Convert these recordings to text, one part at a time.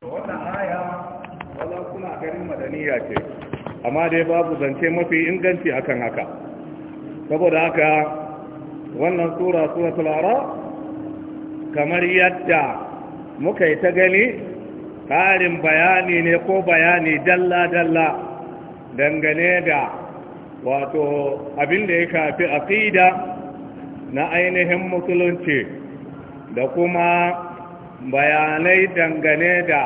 wannan aya wala kuna ganin madaniya ce amma dai babu zance mafi inganci akan haka saboda haka wannan sura suratul araf kamar yadda muka yi ta gani ƙarin bayani ne ko bayani dalla-dalla dangane da wato abin da ya kafi aqida na ainihin musulunci da kuma bayanai dangane da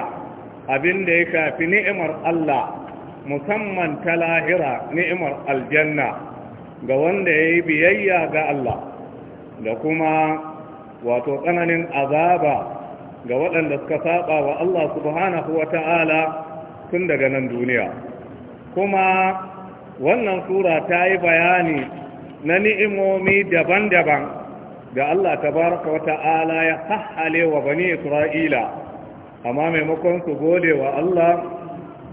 abin da ya shafi ni'imar Allah musamman ta lahira ni'imar aljanna ga wanda ya yi biyayya ga Allah da kuma wato tsananin azaba ga waɗanda suka saba wa Allah subhanahu wa ta'ala tun daga nan duniya kuma wannan sura ta yi bayani na ni'imomi daban-daban da Allah Ta baraka Wata Ala ya hahale wa bani Isra'ila amma maimakon su gode wa Allah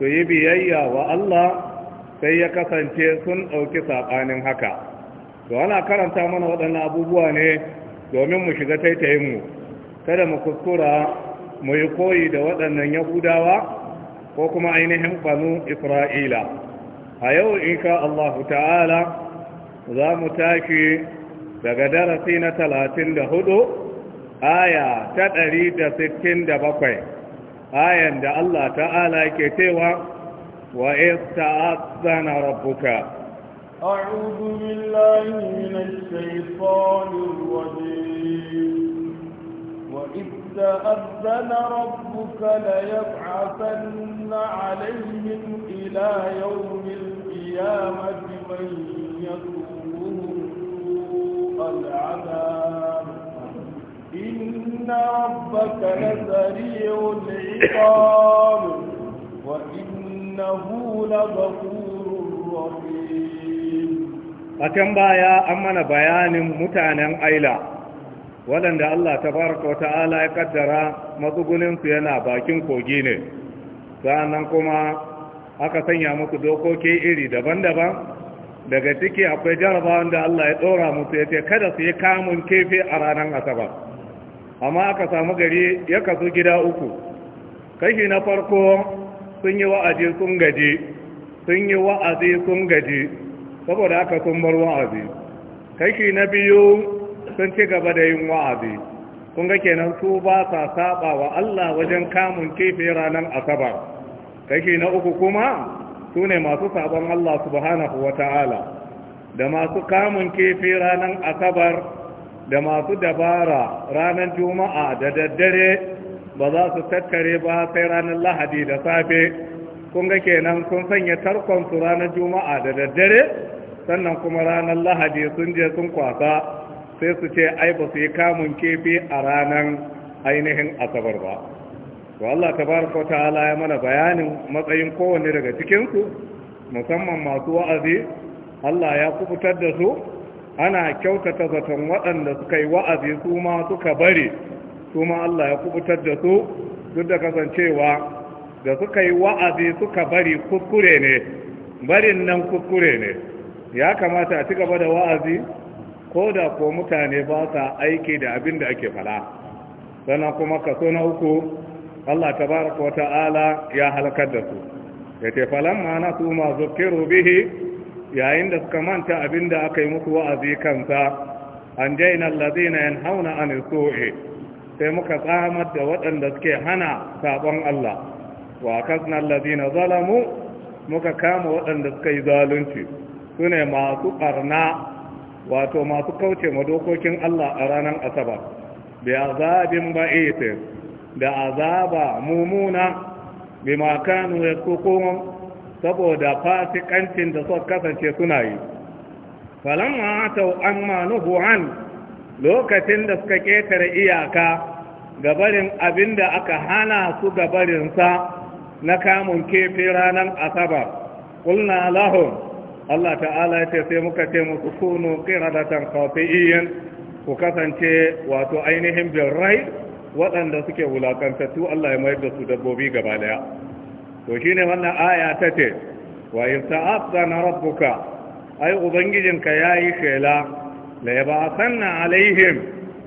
su yi biyayya wa Allah sai ya kasance sun ɗauki saɓanin haka to ana karanta mana waɗannan abubuwa ne domin mu shiga taitayinmu kada mu kuskura mu yi koyi da waɗannan yahudawa ko kuma ainihin banu isra'ila a yau insha Allah ta'ala za mu tashi daga darasi na talatin da hudu aya ta ɗari da sittin da bakwai ayan da Allah ta'ala ke cewa wa ista'adzana rabbuka أعوذ بالله من الشيطان الرجيم وإذ تأذن ربك ليبعثن عليهم إلى يوم القيامة من يكون العذاب إن ربك لسريع العقاب وإنه لغفور رحيم waɗanda Allah ta baraka ta'ala ya kaddara matsugulinsu yana bakin kogi ne sa'an nan kuma aka sanya musu dokoki iri daban-daban daga ciki akwai jarabawan da Allah ya tsora musu ya ce kada su yi kamun kefe a ranar asabar amma aka samu gari ya kasu gida uku kashi na farko sun yi wa'azi sun gaji sun yi wa'azi sun gaji saboda aka sun bar wa'azi kashi na biyu sun ci gaba da yin wa'azi kun ga kenan su ba sa saba wa Allah wajen kamun kefe ranar asabar kashi na uku kuma su ne masu sabon Allah subhanahu wa ta'ala da masu kamun kifi ranar asabar da masu dabara ranar juma'a da daddare ba za su tattare ba sai ranar lahadi da safe kun ga kenan sun sanya tarkonsu ranar juma'a da daddare sannan kuma ranar lahadi sun je sun kwasa sai su ce ai ba su yi kamun kifi a ranar ainihin asabar ba to Allah tabaraka wa ta'ala ya mana bayanin matsayin kowanne daga cikin musamman masu wa'azi Allah ya kubutar da su ana kyautata zaton waɗanda suka yi wa'azi su ma suka bari su ma Allah ya kubutar da su duk da kasancewa da suka yi wa'azi suka bari kuskure ne barin nan kuskure ne ya kamata a ci gaba da wa'azi ko da ko mutane ba sa aiki da abin da ake fara sannan kuma kaso na uku Allah tabaraka wata'ala ya halakar da su yace falamma nasu ma zukiru bihi yayin da suka manta abinda aka yi musu wa'azi kansa an jaina allazina yanhauna anil su'i sai muka tsamar da waɗanda suke hana sabon Allah wa kasna allazina zalamu muka kama waɗanda suka yi zalunci sune masu barna wato masu kauce ma dokokin Allah a ranar asabar bi azabin ba'itin da azaba mumuna bima kanu yakukun saboda fasikancin da suka kasance suna yi falamma atau amma nuhu an lokacin da suka ketare iyaka gabarin abinda aka hana su gabarinsa na kamun kefe ranar asabar kulna Allah ta'ala ya ce sai muka ce musu kunu qiradatan qati'iyan ku kasance wato ainihin rai? waɗanda suke wulakantattu Allah ya mayar da su dabbobi gaba daya to shine wannan aya ta ce wa yasta'azana rabbuka ai ubangijinka yayi shela la yab'athanna alaihim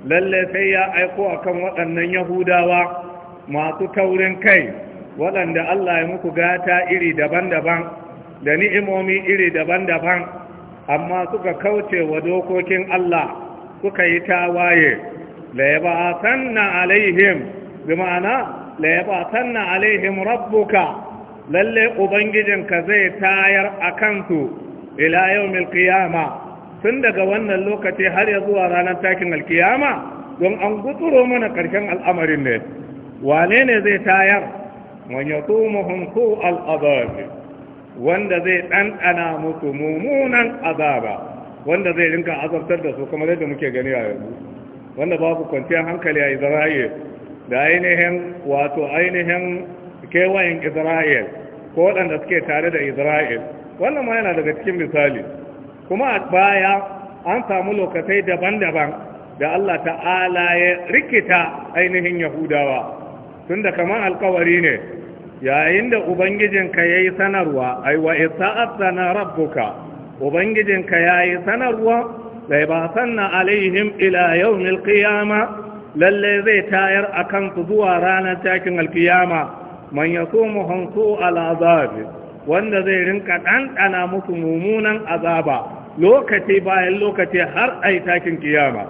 lalle sai ya aiko akan waɗannan yahudawa masu taurin kai waɗanda Allah ya muku gata iri daban-daban da ni'imomi iri daban-daban amma suka kauce wa dokokin Allah suka yi tawaye la yab'athanna alaihim bi ma'ana alaihim rabbuka lalle ubangijinka zai tayar akan su ila yawmil qiyama tun daga wannan lokaci har ya zuwa ranar takin alkiyama don an gutsuro mana karshen al'amarin ne wane ne zai tayar man yatumuhum ku wanda zai ɗanɗana musu mummunan azaba wanda zai rinka azabtar da su kamar yadda muke gani a yanzu wanda babu kwanciyar hankali a isra'il da ainihin wato ainihin kewayen isra'il ko waɗanda suke tare da isra'il wannan ma yana daga cikin misali kuma a baya an samu lokacai daban-daban da allah ta'ala ya rikita ainihin yahudawa tun da kamar alkawari ne yayin da ubangijinka ya yi sanarwa aiwa isa'ad sana rabbuka ubangijinka ya yi sanarwa ليبعثن عليهم إلى يوم القيامة للي زي تاير أكن تزوى رانا تاكن القيامة من يقوم يصومهم على عذاب وان ذي رنك أن أنا مسمومونا عذابا لوكتي باي لوكتي هر أي تاكن قيامة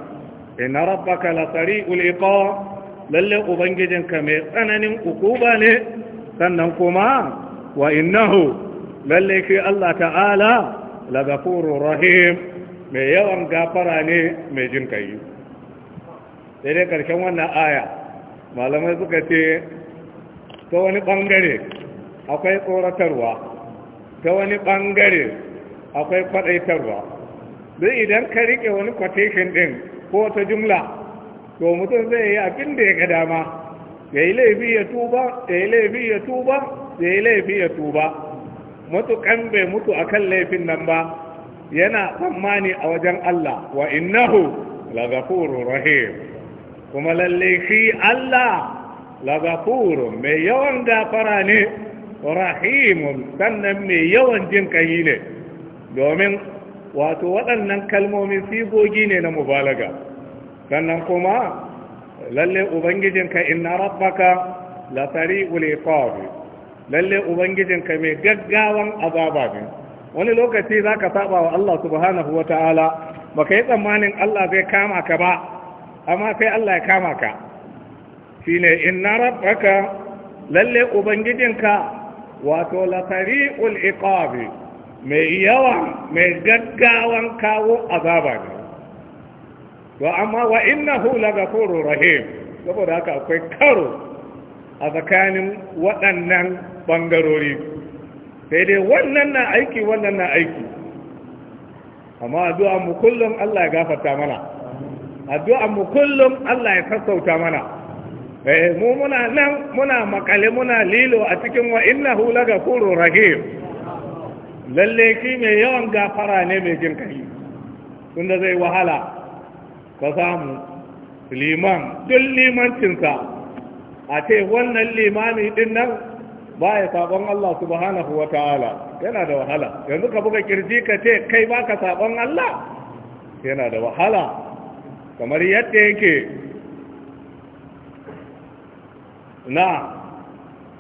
إن ربك لطريء الإقاء للي أبنجد كمير أنا أقوبة لي سننكما وإنه للي في الله تعالى لغفور رحيم mai yawan gafara ne mai jin kai sai dai karshen wannan aya malamai suka ce ta wani bangare akwai tsoratarwa ta wani bangare akwai kwadaitarwa zai idan ka rike wani quotation din ko ta jumla to mutum zai yi abin da ya ga dama ya yi laifi ya tuba ya yi laifi ya tuba ya yi laifi ya tuba matukan bai mutu akan laifin nan ba yana tsammani a wajen Allah wa innahu rahim kuma lalle shi Allah lagafuru mai yawan gafara ne rahimun sannan mai yawan jin kai ne domin wato waɗannan kalmomin sigogi ne na mubalaga sannan kuma lalle ubangijinka inna rabbaka la sari'ul iqab lalle ubangijinka mai gaggawan azaba ne wani lokaci za ka saba wa Allah subhanahu wa ta'ala ba ka yi tsammanin Allah zai kama ka ba amma sai Allah ya kama ka shi ne inna rabbaka lalle ubangijinka wato lasari'ul iqabi mai yawa mai gaggawan kawo azaba ne to amma wa ga koro rahim saboda haka akwai karo a tsakanin waɗannan bangarori sai dai wannan na aiki wannan na aiki amma addu'a mu kullum Allah ya gafarta mana addu'a mu kullum Allah ya sassauta mana eh mu muna nan muna makale muna lilo a cikin wa innahu lagafurur rahim lalle ki mai yawan gafara ne mai jin kai tunda zai wahala ka samu liman duk limancinsa a ce wannan limami din nan baya sabon Allah subhanahu wa ta'ala yana da wahala yanzu ka buga kirji ka ce kai baka sabon Allah yana da wahala kamar yadda yake na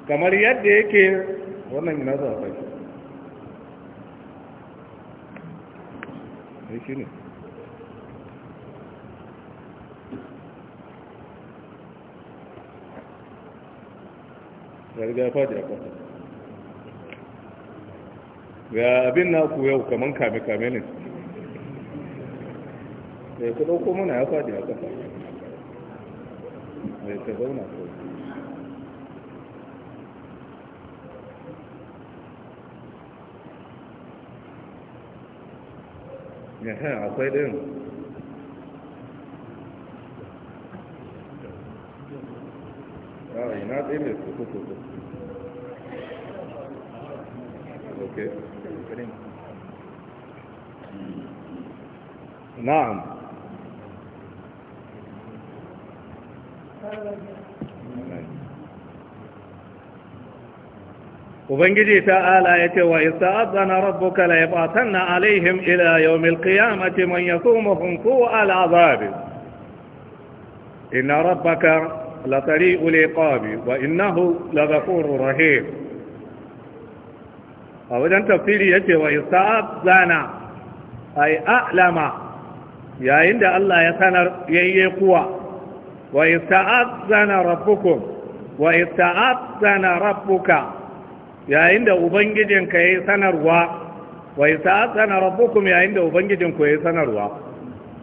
kamar yadda yake wannan yana ne shi ne ya fadi a kwata ga abin na ku yau kamar kame-kame ne da ya ku ɗauko mana ya fadi a kwata da ya ta zauna kawai ya akwai ɗin a ina ɗaya mai soso-soso ok na'am Ubangiji ta'ala ya ce wa isa azana rabbuka la yabatanna alaihim ila yawmil qiyamati man yasumuhum su'al azab inna rabbaka لطريء لقاب وإنه لذكور رهيب وجن تفسيري يجي وإستعاب زانا أي أعلم يا عند الله يسنر يقوى وإستعاب زانا ربكم وإستعاب زانا ربك يا عند أبنجدين كي سنر wa isa sana rabbukum yayin da ubangijin ku yayi sanarwa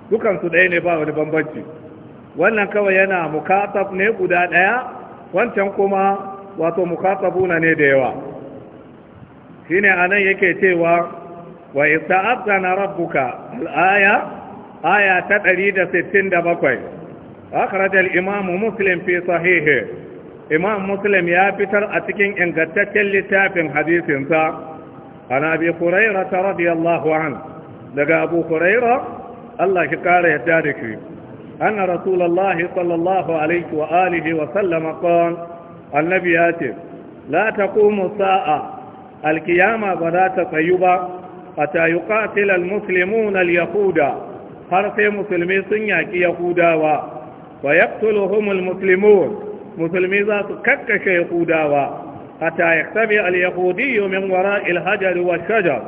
dukan su ɗaya ne ba wani bambanci wannan kawai yana mukatab ne guda ɗaya wancan kuma wato mukatabuna ne da yawa shine anan yake cewa wa ista'adzana rabbuka al-aya aya ta 167 akhraj al-imam muslim fi sahihe. imam muslim ya fitar a cikin ingantaccen littafin hadisinsa ana bi hurairah radiyallahu an, daga abu hurairah Allah ki ƙara yadda da ke أن رسول الله صلى الله عليه وآله وسلم قال النبي آتف لا تقوم الساعة القيامة ولا تطيبة حتى يقاتل المسلمون اليهود حرف مسلمي كي يهودا ويقتلهم المسلمون مسلمي ذات ككش يهودا حتى يختبئ اليهودي من وراء الهجر والشجر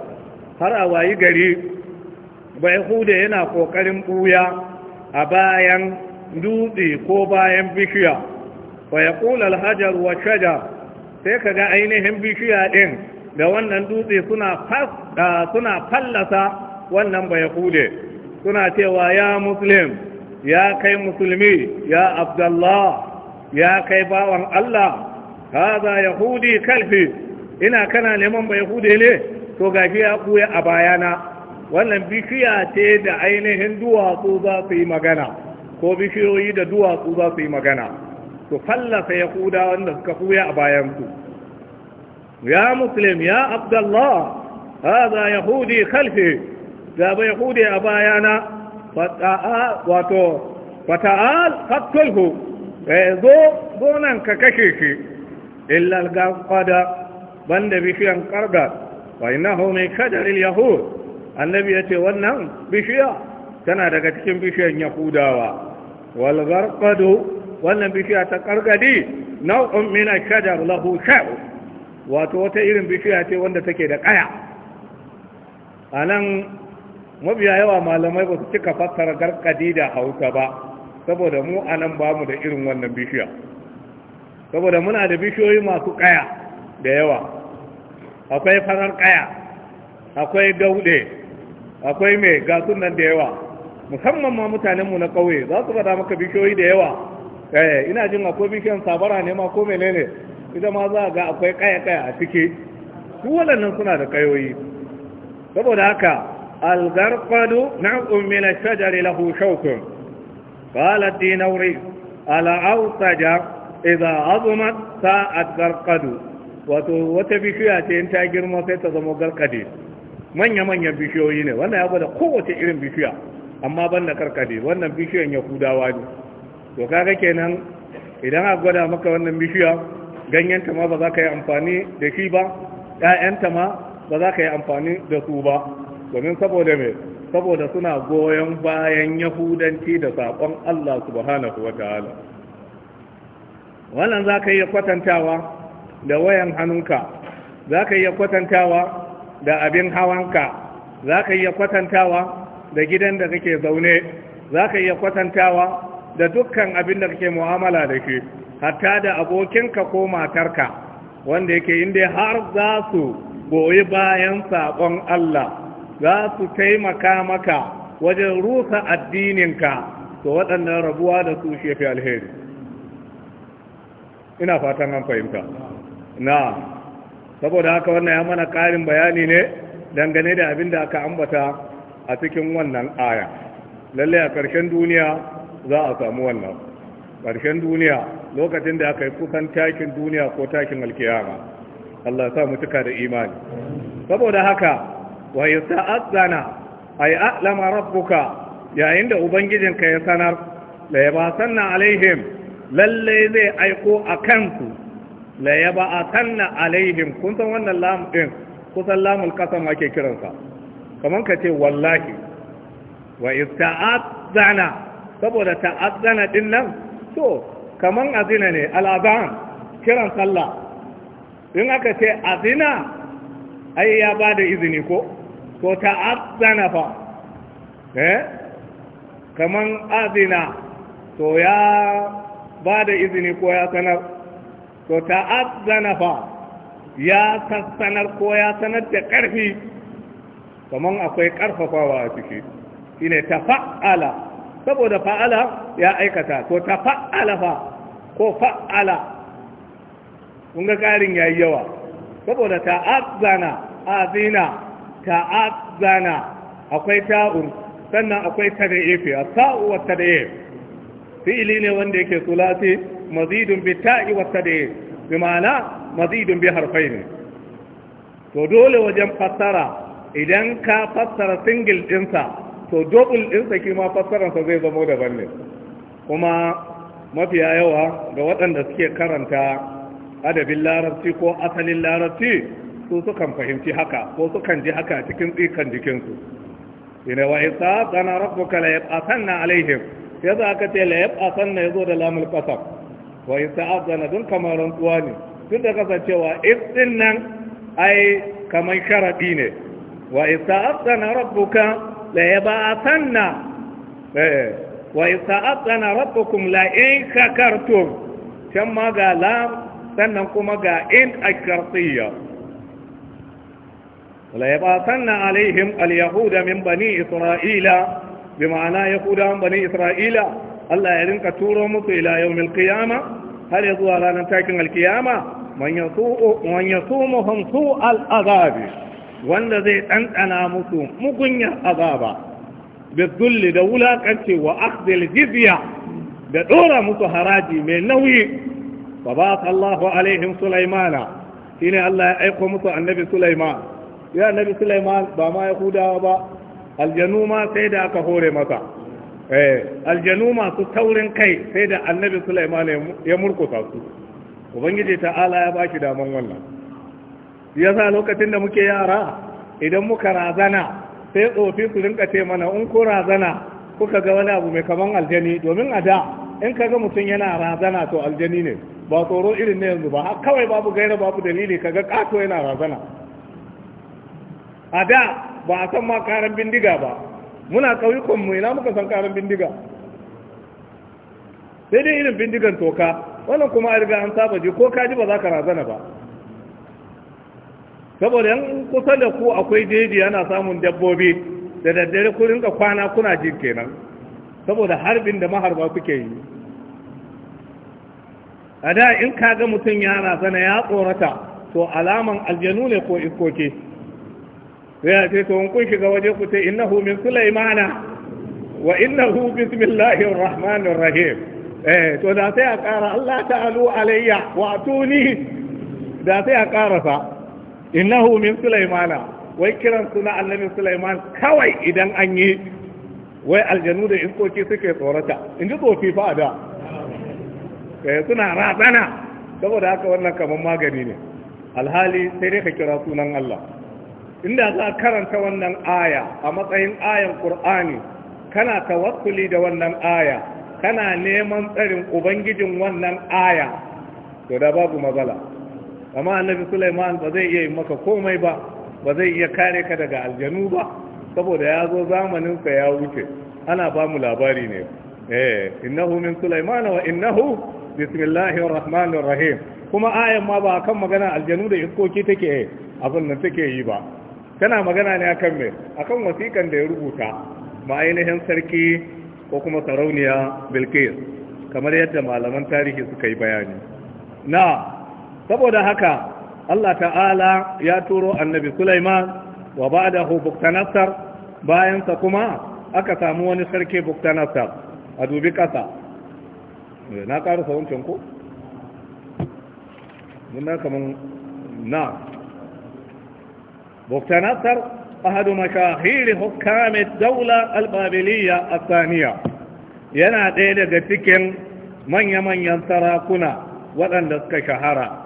حرأ ويقري ويقود هنا فوق المقويا a bayan dutse ko bayan bishiya wa ya ƙula alhajar wa Shaja, sai ka ga ainihin bishiya ɗin da wannan dutse suna fallasa wannan bai ƙule suna cewa ya muslim ya kai musulmi ya abdallah ya kai bawan Allah haza yahudi kalfi ina kana neman bai hude ne to gafi ya kuya a bayana wannan bishiya ce da ainihin duwatsu za su yi magana ko bishiyoyi da duwatsu za su yi magana su fallasa ya kuda wanda suka kuya a bayansu ya muslim ya abdullah haza yahudi kalfe gaba yahudi a bayana wato fata'al fattulhu eh, zo zonan ka kashe shi illal gafada banda bishiyan karga wa innahu min kadaril yahud annabi ya ce wannan bishiya tana daga cikin bishiyan yahudawa wal wannan bishiya ta kargadi nau'un min shajar lahu sha'u wato wata irin bishiya ce wanda take da kaya anan mabiya yawa malamai ba su cika fassara garkadi da hausa ba saboda mu anan ba mu da irin wannan bishiya saboda muna da bishiyoyi masu kaya da yawa akwai farar kaya akwai daude akwai mai ga sunan da yawa musamman ma mutanenmu na ƙauye za su faɗa maka bishiyoyi da yawa eh ina jin akwai bishiyan sabara ne ma ko menene ita ma za ga akwai kaya-kaya a ciki su waɗannan suna da kayoyi saboda haka algarfadu na'un min ash-shajari lahu shawkun qala dinawri ala awsaja idza azumat sa'at garqadu wato wata bishiya ce in ta girma sai ta zama garkade manya-manyan bishiyoyi ne wannan ya gwada kowace irin bishiya amma ban da karkade wannan bishiyan yahudawa ne to kaga kenan idan aka gwada maka wannan bishiya ganyenta ma ba za ka yi amfani da shi ba ƴaƴanta ma ba za ka yi amfani da su ba domin saboda me saboda suna goyon bayan yahudanci da saƙon Allah subhanahu wa ta'ala wannan za ka iya kwatantawa da wayan hannunka za ka iya kwatantawa da abin hawanka za ka iya kwatantawa da gidan da kake zaune za ka iya kwatantawa da dukkan abin da kake mu'amala da shi hatta da abokinka ko matarka wanda yake inda har za su goyi bayan saƙon Allah za su taimaka maka wajen rusa addininka to waɗannan rabuwa da su shefi alheri ina fatan an fahimta na saboda haka wannan ya mana ƙarin bayani ne dangane da abin da aka ambata a cikin wannan aya lalle a ƙarshen duniya za a samu wannan ƙarshen duniya lokacin da aka yi kusan takin duniya ko takin alkiyama Allah sa mu cika da imani saboda haka wa yasta'azana ay a'lama rabbuka yayin da ubangijinka ya sanar ba sanna alaihim lalle zai aiko a kansu la sanna alaihim kun san wannan lam din kusan lamul kasan wake kiransa Kamar ka ce wallahi wa azana. saboda ta'adzana din nan to kamar azina ne al'azan kiran sallah in aka ce azina ai ya ba da izini ko to azana fa eh kamar azina to ya ba da izini ko ya sanar to azana fa ya sassanar ko ya sanar da ƙarfi kamar akwai ƙarfafawa a ciki shine ta fa'ala saboda fa'ala ya aikata to ta fa'ala fa ko fa'ala kun ga ƙarin ya yi yawa saboda azana azina azana akwai ta'un sannan akwai tada'if ya sa'u wa tada'if fi'ili ne wanda yake sulati mazidun bi ta'i da tadayir bi ma'ana mazidun bi ne. to dole wajen fassara idan ka fassara singil ɗinsa to double ɗinsa kima fassararsa zai zamo daban ne kuma mafiya yawa ga waɗanda suke karanta adabin larabci ko asalin larabci su sukan fahimci haka ko sukan ji haka cikin tsikan jikinsu ina wa isa tsana rabbuka la yab'athanna alaihim yadda aka ce la yab'athanna yazo da lamul qasam wa ista'adana dun kamar rantsuwa ne duk da kasancewa istin nan ai kamar sharadi ne wa ista'adana rabbuka la yab'athanna eh wa ista'adana rabbukum la in shakartum can ma ga lam sannan kuma ga in akartiya la yab'athanna alaihim al-yahuda min bani isra'ila bima'ana yahuda min bani isra'ila Allah ya rinka turo musu ila yawmil qiyama har ya zuwa ranar takin alkiyama man yasu'u wanda zai ɗanɗana musu mugunyar azaba da zulli da wulakanci wa akhdil jizya da ɗora musu haraji mai nauyi fa ba sallahu alaihim sulaimana shine Allah ya aiko musu annabi sulaiman ya annabi sulaiman ba ma yahudawa ba aljanu ma sai da aka hore masa Eh, aljanu masu taurin kai sai da annabi Sulaiman ya murkusa su ubangiji ta'ala ya baki daman wannan ya sa lokacin da muke yara idan muka razana sai tsofi su rinka ce mana in ko razana kuka ga wani abu mai kaman aljani domin a da in ka ga mutum yana razana to aljani ne ba tsoro irin na yanzu ba kawai babu gaira babu dalili ka kaga kato yana razana a da ba a san ma karan bindiga ba muna ƙauyukan mu ina muka san karin bindiga sai dai irin bindigan toka wannan kuma a riga an saba ji ko kaji ba za ka razana ba saboda yan kusa da ku akwai jeji ana samun dabbobi da daddare ku rinka kwana kuna jin kenan saboda harbin da maharba kuke yi a da in kaga mutum ya razana ya tsorata to alaman aljanu ne ko iskoki sai a ce to in kun shiga waje ku ce innahu min sulaimana wa innahu bismillahir rahmanir rahim eh to da sai a ƙara Allah ta'alu alayya wa atuni da sai a ƙara sa innahu min sulaimana wai kiran suna annabi sulaiman kawai idan an yi wai aljanu da iskoki suke tsorata in ji tsofi fa da eh suna ratsana saboda haka wannan kaman magani ne alhali sai dai ka kira sunan Allah inda za karanta wannan aya a matsayin ayan qur'ani kana tawakkuli da wannan aya kana neman tsarin ubangijin wannan aya to da babu mazala amma annabi Sulaiman ba zai iya yi maka komai ba ba zai iya kare ka daga aljanu ba saboda ya zo zamaninsa ya wuce ana ba mu labari ne eh innahu min Sulaiman wa innahu bismillahir rahmanir rahim kuma ayan ma ba kan magana aljanu da iskoki take abin nan take yi ba tana magana ne akan mai akan wasikan da ya rubuta ma ainihin sarki ko kuma sarauniya bilkis kamar yadda malaman tarihi suka yi bayani na saboda haka Allah ta'ala ya turo annabi Sulaiman wa ba'dahu Buktanassar bayan sa kuma aka samu wani sarki Buktanassar a dubi kasa eh, na ƙara wancan ko? Mun na kaman na مفتنصر أحد مشاهير حكام الدولة البابلية الثانية ينا دينا تكن من يمن ينتراكنا ولن لك شهرا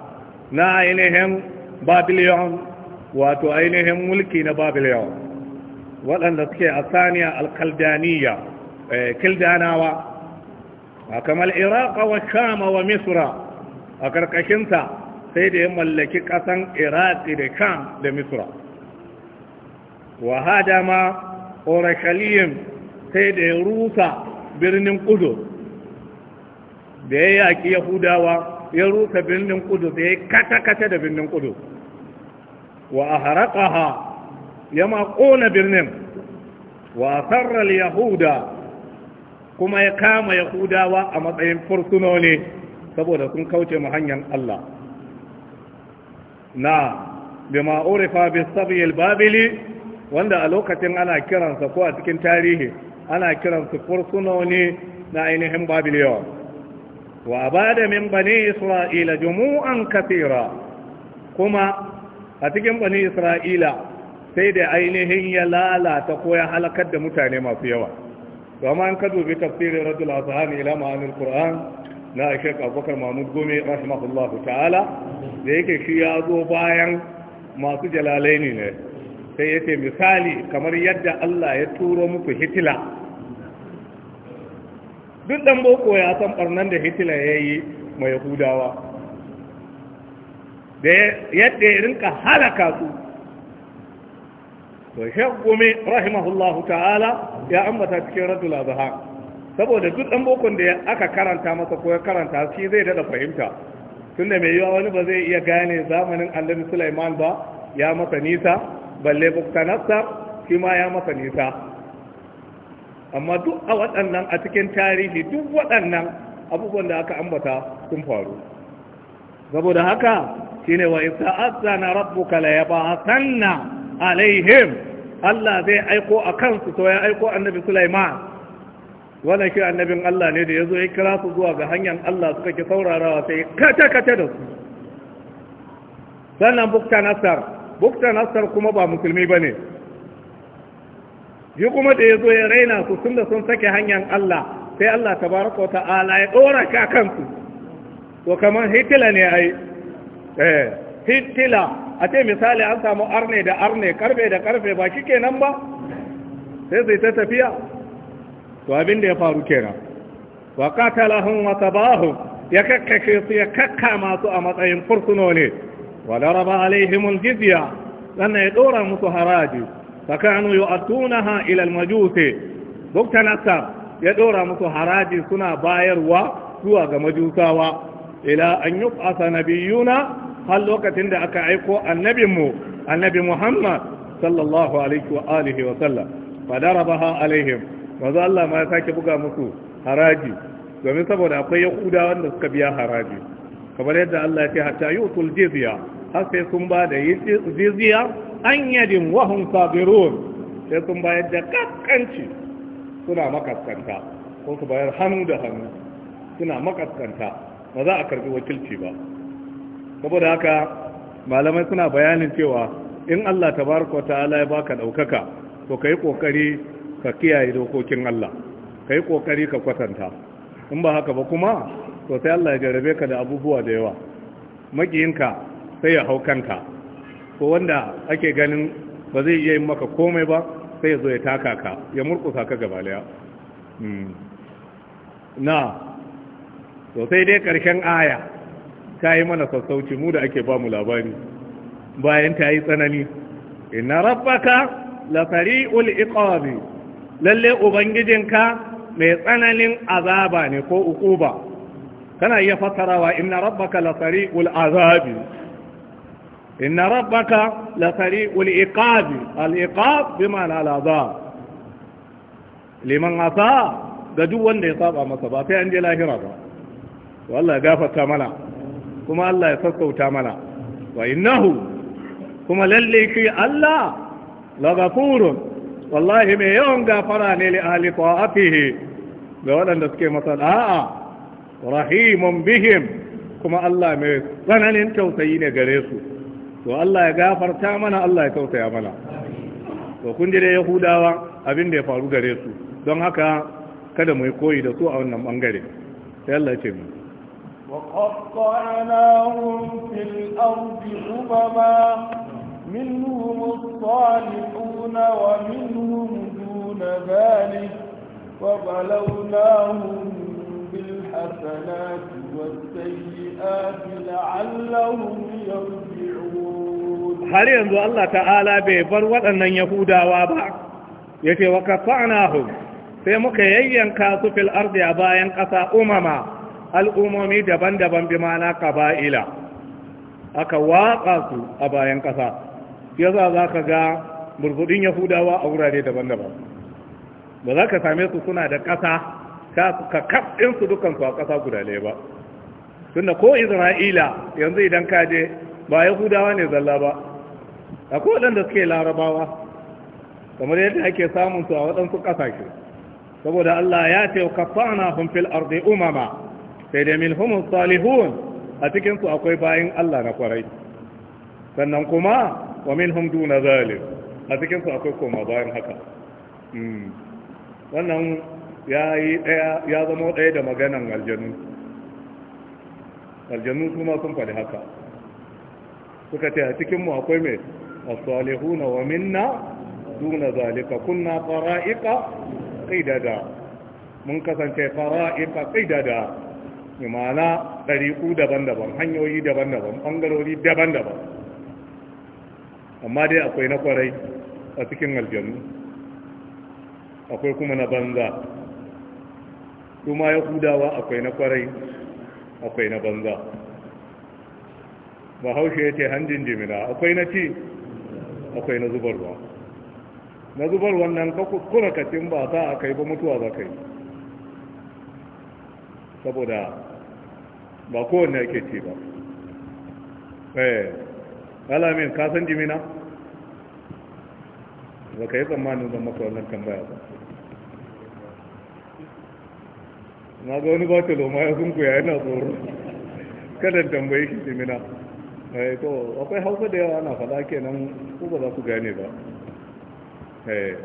نا عينهم بابليون واتو أينهم ملكين بابليون ولن الثانية القلدانية إيه، كلداناوة كما العراق والشام ومصر أكركشنتا سيدي ملكي قسن عراقي لشام لمصر wa hadama orakaliyin sai da ya rusa birnin kudu da ya yaƙi yahudawa ya rusa birnin kudu da ya kata-kata da birnin kudu wa a haraka ha, ya ma birnin wa a sarrar yahuda kuma ya kama yahudawa a matsayin fursunoni saboda sun kauce mu hanyar Allah na bima urifa bis babili wanda a lokacin ana kiransa ko a cikin tarihi ana kiransa fursunoni na ainihin babiliyar wa ba da min bani isra'ila jumu'an kasira kuma a cikin banin isra'ila sai da ainihin ya lalata ko ya halakar da mutane masu yawa domin an ka dubi tafsirin rajul asahani ila ma'anil qur'an na shek abubakar mahmud gome rahimahullahu ta'ala da yake shi ya zo bayan masu jalalaini ne sai ya misali kamar yadda Allah ya turo muku hitila duk dan boko ya san barnan da hitila ya yi mai yahudawa da yadda ya rinka halaka su to shaggumi rahimahullahu ta'ala ya ambata cikin radul azha saboda duk dan bokon da aka karanta masa ko ya karanta shi zai daɗa fahimta tunda mai yiwa wani ba zai iya gane zamanin annabi Sulaiman ba ya masa nisa balle buktanasar shi ma ya masa nisa amma duk a waɗannan a cikin tarihi duk waɗannan abubuwan da aka ambata sun faru saboda haka shine wa isa na rabbuka la yabasanna alaihim Allah zai aiko a kansu to ya aiko annabi Sulaiman wannan shi annabin Allah ne da ya zo ya kira su zuwa ga hanyar Allah suka ki saurarawa sai kata-kata da su sannan bukta nasar bukta nasar kuma ba musulmi ba ne yi kuma da ya zo ya raina su tun da sun sake hanyar Allah sai Allah ta baraka ta'ala ya ɗora ka kansu to kamar hitila ne ai eh hitila a ce misali an samu arne da arne karfe da karfe ba kike nan ba sai sai ta tafiya to abin da ya faru kenan wa qatalahum wa tabahum ya kakkashe su ya kakka masu a matsayin fursuno ne wa raba alaihim jizya sannan ya dora musu haraji fakanu yu'atunaha ila al-majusi duk tanasa ya dora musu haraji suna bayarwa zuwa ga majusawa ila an yub'asa nabiyuna har lokacin da aka aiko annabinmu annabi Muhammad sallallahu alaihi wa sallam. wa raba ha alaihim maza Allah ma ya sake buga musu haraji domin saboda akwai yahuda wanda suka biya haraji kamar yadda Allah ya ce hatta yutul jizya har sun ba da ziziya an yadin wahun sabirun sai sun bayar da kakkanci suna makaskanta ko su bayar hannu da hannu suna makaskanta ba za a karbi wakilci ba saboda haka malamai suna bayanin cewa in Allah ta ta ta'ala ya baka daukaka to ka yi kokari ka kiyaye dokokin Allah ka yi kokari ka kwatanta in ba haka ba kuma to sai Allah ya jarabe ka da abubuwa da yawa maƙiyinka sai ya hau kanka ko wanda ake ganin ba zai iya yin maka komai ba sai ya zo ya taka ka ya murkusa ka gaba daya hmm. na sosai dai karshen aya ta yi mana sassauci mu da ake ba mu labari bayan ta yi tsanani inna rabbaka lasari sari'ul iqabi lalle ubangijinka mai tsananin azaba ne ko ukuba kana iya fassarawa inna rabbaka lasari sari'ul azabi inna rabbaka la sari'ul iqab al iqab liman asa ga duk wanda ya saba masa ba sai an je lahira ba to ya gafarta mana kuma Allah ya sassauta mana wa innahu kuma lalle shi Allah la ghafurun wallahi mai yawan gafara ne li ahli ta'atihi ga waɗanda suke masa da'a rahimun bihim kuma Allah mai tsananin tausayi ne gare su to Allah ya gafarta mana Allah ya tausaya mana to kun ji da yahudawa abin da ya faru gare su don haka kada mu yi koyi da su a wannan bangare sai Allah ya ce mu Wa fil وقطعناهم في الأرض salihun wa minhum dun دون wa balawnahum الحسنات والسيئات لعلهم يرجعون هل ينظر الله تعالى بيبر ودن يهودا وابع يتي وكفعناهم في مكيين yayyanka في الأرض أبا a أمما الأمم دبن دبن بمعنى قبائل bi mana kaba'ila aka watsa su a bayan ƙasa yasa za ka ga burbudin yahudawa a wurare daban-daban ba za ka same su suna da ƙasa ka kaf ɗin su dukan su a ƙasa guda ne ba tunda ko Isra'ila yanzu idan ka je ba Yahudawa ne zalla ba akwai waɗanda suke larabawa kamar yadda ake samun su a waɗansu ƙasashe saboda Allah ya ce kafana hum fil ardi umama sai da humus salihun a cikin su akwai bayin Allah na kwarai sannan kuma wa hum duna zalim a cikin su akwai koma bayan haka hmm. wannan ya yi daya ya zama ɗaya da maganan aljanu aljanu su ma sun faɗi haka suka ce a cikin mu akwai mai as na wa minna duna zalika kunna qara'iqa qidada mun kasance qara'iqa qidada imana dariku daban-daban hanyoyi daban-daban bangarori daban-daban amma dai akwai na kwarai a cikin aljanu akwai kuma na banza su ma yahudawa akwai na kwarai akwai na banza bahaushe ya ce hanjin jimina akwai na ci akwai na zubarwa na zubarwan nan kuna kacin ba za a kai ba mutuwa za kai saboda ba kowanne ake ci ba eh alamin kasan jimina ba ka yi tsammanin zan maka wannan tambaya ba na ga wani ba loma ya sun kuya yana tsoro kada tambayi shi jimina, eh to akwai hausa da yawa na faɗa kenan ko ba za ku gane ba eh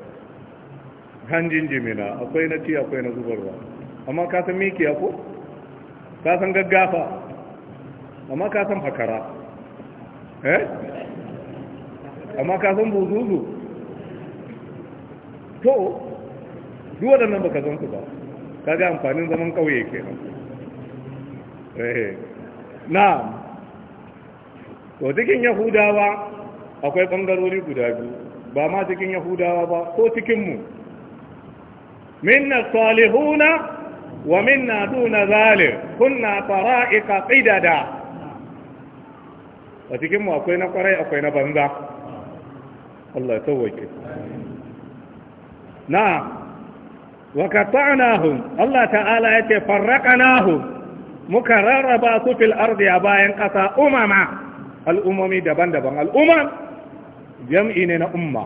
hanjin jimina akwai na ci akwai na zubarwa amma ka san mikiya ko ka san gaggafa amma ka san fakara eh amma ka san buzuzu to duk waɗannan ka san su ba kaga amfanin zaman kauye ke. Na. Eh, na'am to cikin yahudawa akwai bangarori guda biyu ba ma cikin yahudawa ba ko cikinmu minna salihuna wa minna duna zalim kunna fara'iqa qidada a cikinmu akwai na kwarai akwai na banza Allah ya tawake Na. wa qata'nahum Allah ta'ala yace nahu muka rarraba su fil bayan ƙasa umama al'ummomi daban-daban al'umma jam'i ne na umma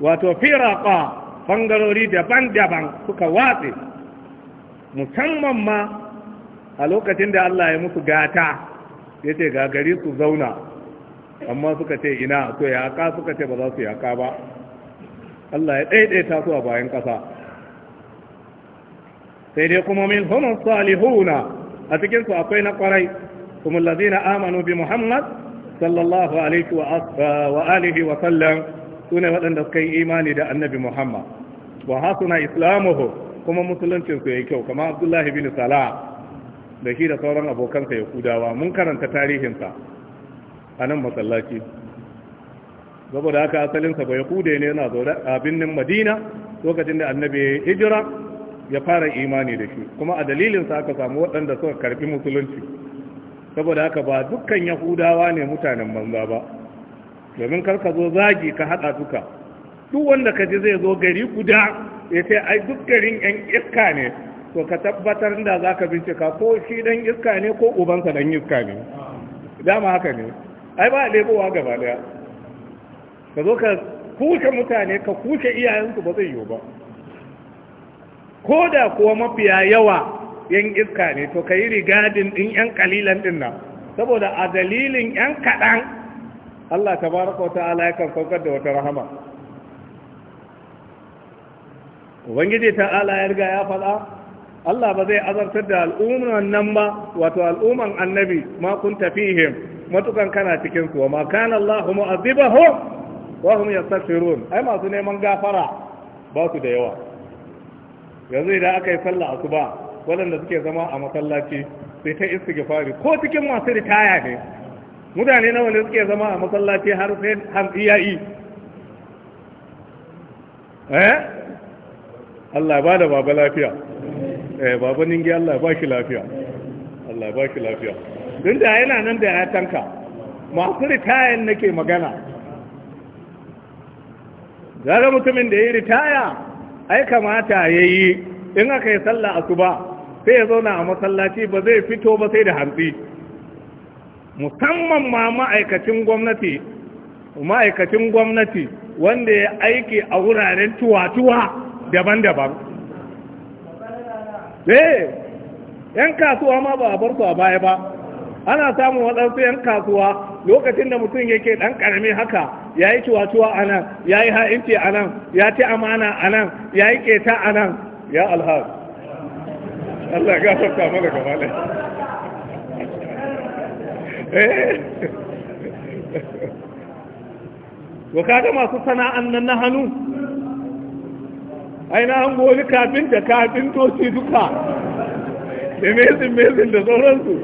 wato firaqa bangarori daban-daban suka watse musamman ma a lokacin da Allah ya musu gata ya ce gagari su zauna amma suka ce ina so yaka suka ce ba za su yaka ba Allah ya ɗaiɗaita su a bayan ƙasa sai dai kuma min humus salihuna a cikinsu akwai na kwarai kuma allazina amanu bi muhammad sallallahu alaihi wa alihi wa sallam sune waɗanda suka yi imani da annabi muhammad wa hasuna islamuhu kuma musuluncinsu ya yayi kyau kamar abdullahi bin salah da shi da sauran abokansa yahudawa mun karanta tarihinsa a nan masallaci saboda haka asalinsa bai kude ne yana zaune a binnin madina lokacin da annabi hijira ya fara imani da shi kuma a dalilinsa aka samu waɗanda suka karfi musulunci saboda haka ba dukkan yahudawa ne mutanen banza ba domin kar ka zo zagi ka haɗa duka duk wanda ka ji zai zo gari guda ya ce ai duk garin yan iska ne to ka tabbatar da za ka bincika ko shi dan iska ne ko ubansa dan iska ne dama haka ne ai ba a ɗebowa gaba daya ka zo ka kushe mutane ka kushe iyayensu ba zai yiwu ba ko da kuwa mafiya yawa yan iska ne to ka yi rigadin ɗin yan kalilan ɗin nan saboda a dalilin yan kaɗan Allah ta baraka wata ala yakan da wata rahama ubangiji ta ala ya riga ya faɗa Allah ba zai azartar da al'umman nan ba wato al'umman annabi ma kun tafihim matukan kana cikinsu su ma kana Allahu mu'azibahu. wa hum yastaghfirun ai masu neman gafara ba su da yawa yanzu idan aka yi sallah asuba waɗanda suke zama a masallaci sai ta istighfari ko cikin masu ritaya ne mutane nawa ne suke zama a masallaci har sai han ya yi eh Allah ya bada baba lafiya eh baba ningi Allah ba shi lafiya Allah ba shi lafiya dinda yana nan da ya tanka masu ritayan nake magana gara mutumin da ya yi ritaya ai kamata ya yi in aka yi sallah a asuba sai ya zauna a masallaci ba zai fito ba sai da hantsi musamman ma ma'aikacin gwamnati ma'aikacin gwamnati wanda ya aiki a wuraren tuwa-tuwa daban-daban eh yan kasuwa ma ba a bar su a baya ba ana samun waɗansu yan kasuwa lokacin da mutum yake ɗan ƙarami haka ya yi tuwatuwa a nan ya yi ha'inci a nan ya ci amana a nan ya yi keta a nan ya alhaz Allah ya sauka mana gaba ne eh. wa kada masu sana'an nan na hannu aina an goli kafin da kafin toci duka da mezin mezin da sauransu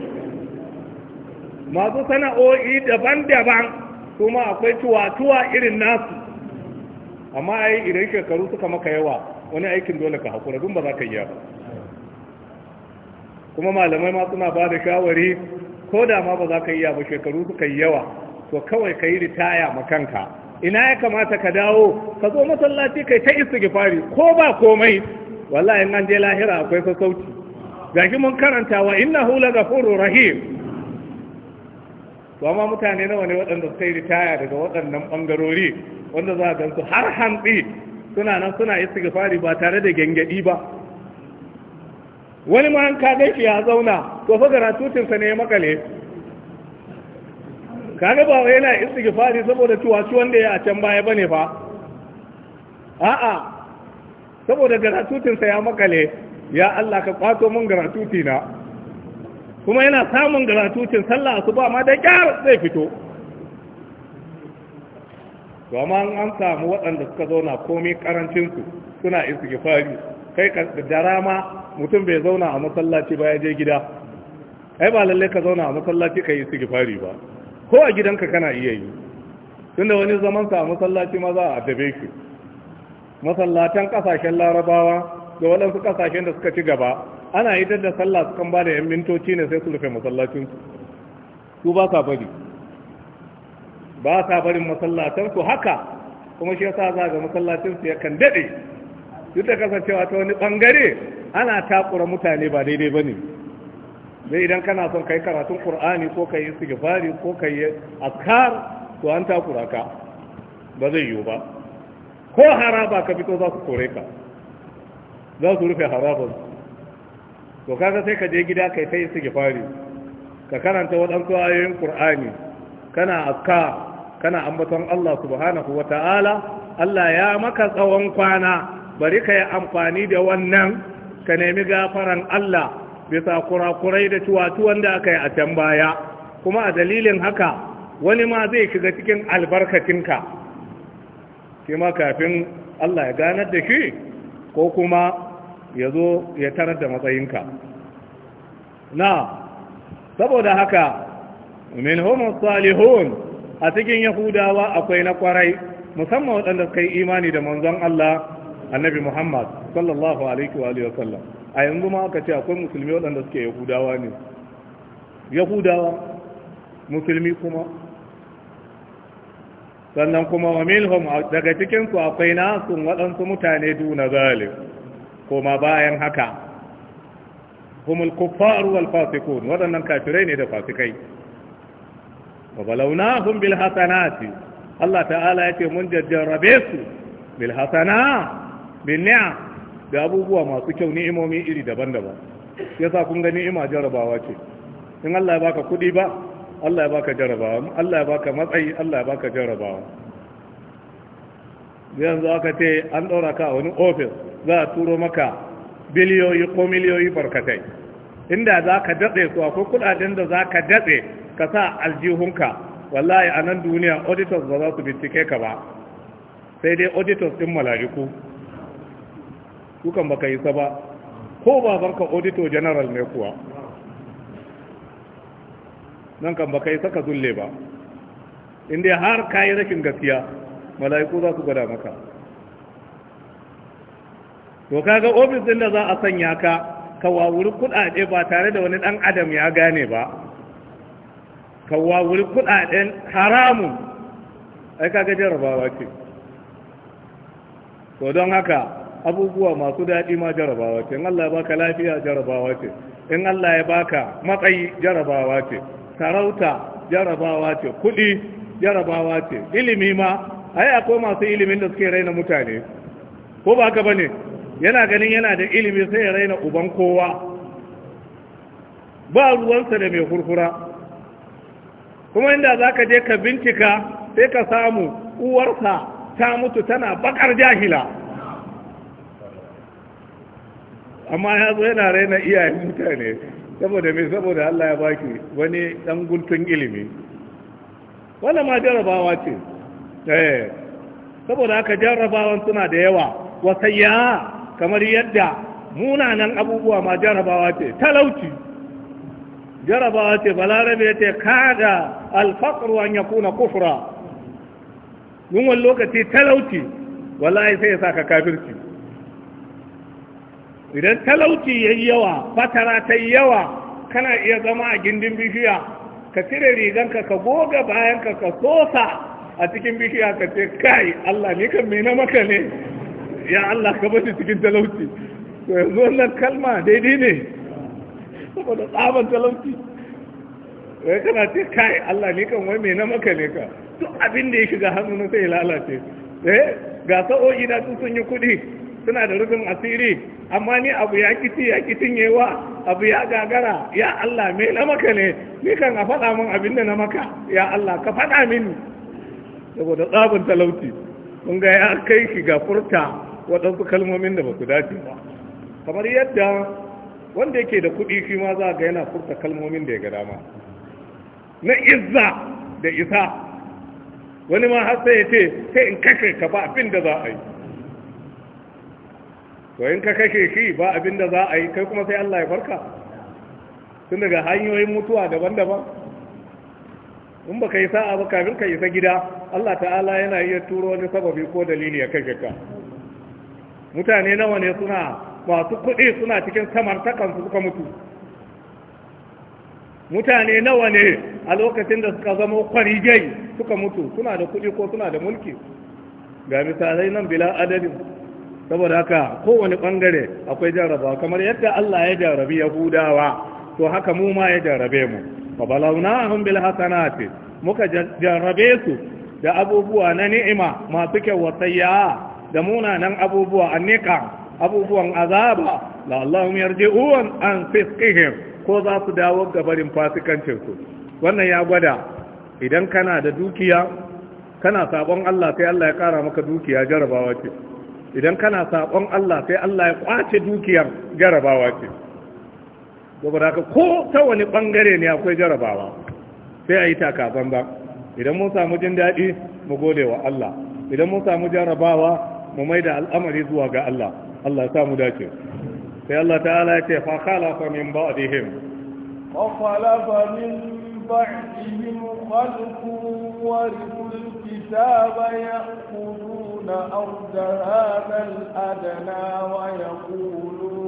masu sana'o'i daban-daban kuma akwai tuwa-tuwa irin nasu amma ai idan shekaru suka maka yawa wani aikin dole ka haƙura dun ba za ka yi ba kuma malamai ma suna ba da shawari ko da ma ba za ka yi ba shekaru suka yi yawa to kawai ka yi ritaya ma kanka ina ya kamata ka dawo ka zo masallaci kai ta istighfari ko ba komai wallahi in an je lahira akwai sassauci gashi mun karanta wa innahu lagafurur rahim to amma mutane nawa ne waɗanda suka yi ritaya daga waɗannan ɓangarori wanda za a gansu har hantsi suna nan suna istighfari ba tare da gengadi ba wani ma ka gaishe ya zauna to fa tutinsa ne ya makale kaga ba wai yana istighfari saboda tuwaciwan wanda ya a can baya ba ne fa a'a saboda gara tutinsa ya makale ya Allah ka kwato mun tutina kuma yana samun garatucin sallah su ba ma da kyar zai fito amma an samu waɗanda suka zauna komai karancinsu suna fari, kai da rama mutum bai zauna a masallaci ba ya je gida ai ba lalle ka zauna a masallaci kai fari ba ko a gidanka kana iya yi Tun da wani zaman sa a masallaci ma za a addabe shi. Masallacin ƙasashen larabawa da waɗansu ƙasashen da suka ci gaba ana idar da sallah su kan ba da yan mintoci ne sai su rufe masallacin su ba sa bari ba sa barin masallacin su haka kuma shi yasa za ga masallacin su yakan dade duk da kasancewa ta wani bangare ana takura mutane ba daidai bane dai idan kana son kai karatun qur'ani ko kai istighfari ko kai azkar to an takura ka ba zai yiwu ba ko haraba ka fito za su kore ka za su rufe harabar to kaga sai ka je gida kai su istighfari ka karanta waɗansu ayoyin Qur'ani kana akka kana ambaton Allah subhanahu wata'ala Allah ya maka tsawon kwana bari ka yi amfani da wannan ka nemi gafaran Allah bisa kurakurai da tuwatuwan da aka yi a can baya kuma a dalilin haka wani ma zai shiga cikin albarkacinka shi ma kafin Allah ya ganar da shi ko kuma ya zo ya tarar da matsayinka na saboda haka min homo salihun a cikin yahudawa akwai na kwarai musamman waɗanda suka yi imani da manzon Allah annabi Muhammad sallallahu alaihi wa alihi a yanzu ma aka ce akwai musulmi waɗanda suke yahudawa ne yahudawa musulmi kuma sannan kuma wa minhum daga cikin su akwai nasu waɗansu mutane duna zalim koma bayan haka humul kuffaru wal fasiqun waɗannan kafirai ne da fasikai wa balawnahum bil hasanati Allah ta'ala yace mun jajjarabe su bil hasana bin ni'am da abubuwa masu kyau ni'imomi iri daban-daban yasa kun ga ni'ima jarabawa ce in Allah ya baka kuɗi ba Allah ya baka jarabawa Allah ya baka matsayi Allah ya baka jarabawa yanzu aka ce an ɗora ka wani ofis za a turo maka biliyoyi ko miliyoyi barkatai inda za ka datse su akwai kudaden da za ka datse ka sa aljihunka wallahi a nan duniya auditors ba za su bincike ka ba sai dai auditors ɗin malariku dukan baka yi ba ko babanka auditor general ne kuwa nan kan baka yi saka zulle ba inda har ka yi rashin gaskiya mala'iku za su gwada maka to kaga ofis din da za a sanya ka ka wawuri kuɗaɗe ba tare da wani ɗan adam ya gane ba ka wawuri kuɗaɗen haramun ai kaga jarabawa ce to don haka abubuwa masu daɗi ma jarabawa ce in Allah ya baka lafiya jarabawa ce in Allah ya baka matsayi jarabawa ce sarauta jarabawa ce kuɗi jarabawa ce ilimi ma ai akwai masu ilimin da suke raina mutane ko ba haka bane yana ganin yana da ilimi sai ya raina uban kowa ba ruwansa da mai hurhura kuma inda za ka je ka bincika sai ka samu uwarsa ta mutu tana bakar jahila amma ya zo yana raina iyayen mutane saboda mai saboda Allah ya baki wani ɗan guntun ilimi wannan ma jarabawa ce Eh. saboda haka jarrabawan suna da yawa wasayya kamar yadda munanan abubuwa ma jarrabawa ce talauci jarrabawa ce balarabe ce kada alfaqru an yakuna kufra yunwan lokaci talauci wallahi sai ya saka kafirci idan talauci yayi yawa fatara ta yawa kana iya zama a gindin bishiya ka cire riganka ka goga bayanka ka sosa a cikin bishiya ka ce kai Allah ne kan me na maka ne ya Allah ka bashi cikin talauci to yanzu wannan kalma daidai ne saboda tsaban talauci wai kana ce kai Allah ne kan wai me na maka ne ka duk abin da ya shiga hannu na sai lalace eh ga sa'o'i na sun yi kuɗi suna da rufin asiri amma ni abu ya kiti ya kitin yewa abu ya gagara ya Allah me na maka ne ni kan a faɗa min abin da na maka ya Allah ka faɗa mini saboda tsabin talauci kun ga ya kai shi ga furta waɗansu kalmomin da ba su dace ba kamar yadda wanda yake da kuɗi shi ma za ga yana furta kalmomin da ya ga dama na izza da isa wani ma har sai ya ce sai in kashe ka ba abin da za a yi to in ka kashe shi ba abin da za a yi kai kuma sai Allah ya farka tun daga hanyoyin mutuwa daban-daban in baka yi sa'a ba kafin ka isa gida Allah ta'ala yana iya turo wani sababi ko dalili ya kashe ka mutane nawa ne suna masu kuɗi suna cikin ta su suka mutu mutane nawa ne a lokacin da suka zama kwarigai suka mutu suna da kuɗi ko suna da mulki ga misalai nan bila adadin saboda haka kowane bangare akwai jarraba kamar yadda Allah ya jarrabi Yahudawa to haka mu ma ya jarrabe mu fa balawnahum bil hasanati muka jarrabe su da abubuwa na ni'ima masu kyau da munanan abubuwa annika abubuwan azaba la yarje yarji'un an fisqihim ko za su dawo gabarin barin fasikancin su wannan ya gwada idan kana da dukiya kana sabon Allah sai Allah ya kara maka dukiya jarabawa ce idan kana sabon Allah sai Allah ya kwace dukiyar jarabawa ce saboda haka ko ta wani bangare ne akwai jarabawa sai a yi takaban ba idan mun samu jin daɗi mu gode wa Allah idan mun samu jarabawa mu mai da al'amari zuwa ga Allah Allah ya samu dace sai Allah ta'ala ya ce fa khalafa min ba'dihim wa khalafa min ba'dihim khalqun warithul kitaba ya'khuduna arda hadha al-adna wa yaquluna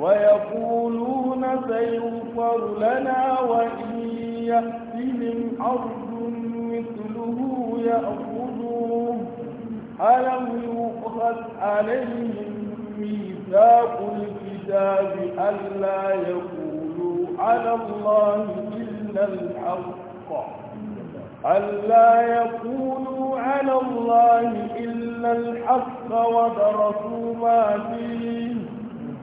ويقولون سيغفر لنا وإن يأتهم أرض مثله يأخذوه ألم يؤخذ عليهم ميثاق الكتاب ألا يقولوا على الله إلا الحق ألا يقولوا على الله إلا الحق ودرسوا ما فيه